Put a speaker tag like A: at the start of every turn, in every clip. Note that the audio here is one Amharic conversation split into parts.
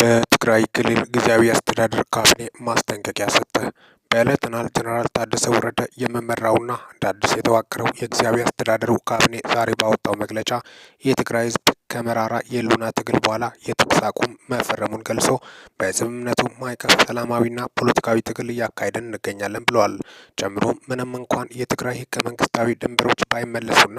A: በትግራይ ክልል ጊዜያዊ አስተዳደር ካቢኔ ማስጠንቀቂያ ሰጠ። በሌተናል ጀነራል ታደሰ ወረደ የሚመራውና እንደ አዲስ የተዋቀረው የጊዜያዊ አስተዳደሩ ካቢኔ ዛሬ ባወጣው መግለጫ የትግራይ ህዝብ ከመራራ የሉና ትግል በኋላ የተኩስ አቁም መፈረሙን ገልጾ በስምምነቱ ማዕቀፍ ሰላማዊና ፖለቲካዊ ትግል እያካሄደን እንገኛለን ብለዋል። ጨምሮም ምንም እንኳን የትግራይ ህገ መንግስታዊ ድንበሮች ባይመለሱና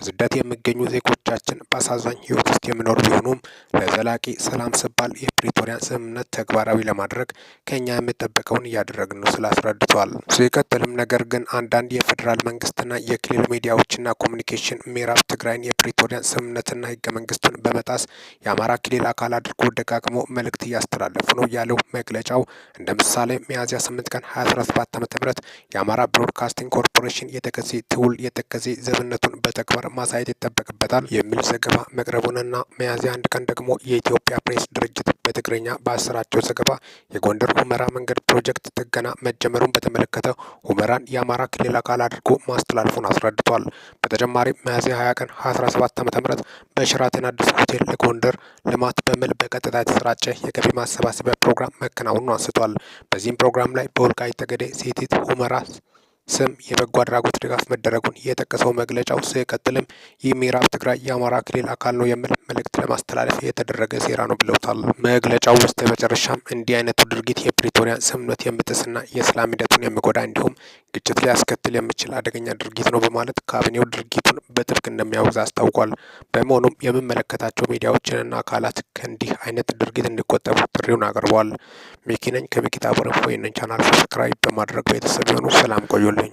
A: በስደት የሚገኙ ዜጎቻችን በአሳዛኝ ህይወት ውስጥ የሚኖሩ ቢሆኑም ለዘላቂ ሰላም ስባል የፕሪቶሪያን ስምምነት ተግባራዊ ለማድረግ ከኛ የሚጠበቀውን እያደረግን ነው ስል አስረድቷል። ሲቀጥልም ነገር ግን አንዳንድ የፌዴራል መንግስትና የክልል ሚዲያዎችና ኮሚኒኬሽን ምዕራብ ትግራይን የፕሪቶሪያን ስምምነትና ህገ መንግስቱን በመጣስ የአማራ ክልል አካል አድርጎ ደጋግሞ መልእክት እያስተላለፉ ነው ያለው መግለጫው እንደ ምሳሌ ሚያዝያ 8 ቀን 2017 ዓ ም የአማራ ብሮድካስቲንግ ኮርፖሬሽን የተከዜ ትውል የተከዜ ዘብነቱን በተግባር ማሳየት ይጠበቅበታል የሚል ዘገባ መቅረቡንና ሚያዝያ አንድ ቀን ደግሞ የኢትዮጵያ ፕሬስ ድርጅት በትግረኛ በአሰራቸው ዘገባ የጎንደር ሁመራ መንገድ ፕሮጀክት ጥገና መጀመሩን በተመለከተ ሁመራን የአማራ ክልል አካል አድርጎ ማስተላለፉን አስረድቷል። በተጨማሪም ሚያዝያ 20 ቀን 2017 ዓ ም በሸራተን የሸራተን አዲስ ሆቴል ለጎንደር ልማት በሚል በቀጥታ የተሰራጨ የገቢ ማሰባሰቢያ ፕሮግራም መከናወኑን አንስቷል። በዚህም ፕሮግራም ላይ በወልቃይት ጠገዴ፣ ሴቲት ሁመራ ስም የበጎ አድራጎት ድጋፍ መደረጉን የጠቀሰው መግለጫው ሲቀጥልም ይህ ምዕራብ ትግራይ የአማራ ክልል አካል ነው የሚል መልእክት ለማስተላለፍ የተደረገ ሴራ ነው ብለውታል። መግለጫው ውስጥ በመጨረሻም እንዲህ አይነቱ ድርጊት የፕሪቶሪያ ስምምነት የምጥስና የሰላም ሂደቱን የሚጎዳ እንዲሁም ግጭት ሊያስከትል የሚችል አደገኛ ድርጊት ነው በማለት ካቢኔው ድርጊቱን በጥብቅ እንደሚያወግዝ አስታውቋል። በመሆኑም የምመለከታቸው ሚዲያዎችንና አካላት ከእንዲህ አይነት ድርጊት እንዲቆጠቡ ጥሪውን አቅርበዋል። ሚኪነኝ ከሚኪታ ቦረፎ። ይህንን ቻናል ሰብስክራይብ በማድረግ ቤተሰብ የሆኑ ሰላም ቆዩልኝ።